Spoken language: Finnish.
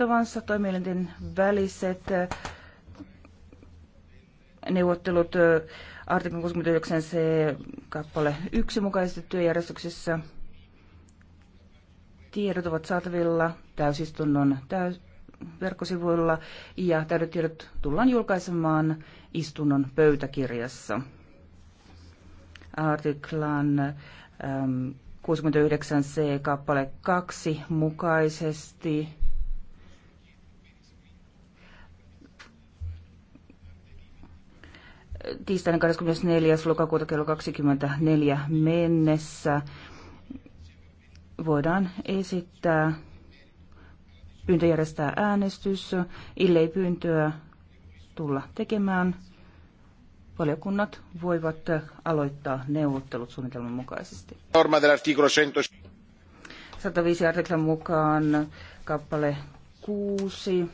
aloittavansa toimielinten väliset eh, neuvottelut eh, artiklan 69 c kappale 1 mukaisesti työjärjestyksessä. Tiedot ovat saatavilla täysistunnon täys- verkkosivuilla ja täydet tiedot tullaan julkaisemaan istunnon pöytäkirjassa. Artiklan ähm, 69c kappale 2 mukaisesti tiistaina 24. lokakuuta kello 24 mennessä voidaan esittää pyyntö järjestää äänestys, illei pyyntöä tulla tekemään. Valiokunnat voivat aloittaa neuvottelut suunnitelman mukaisesti. 105 artiklan mukaan kappale 6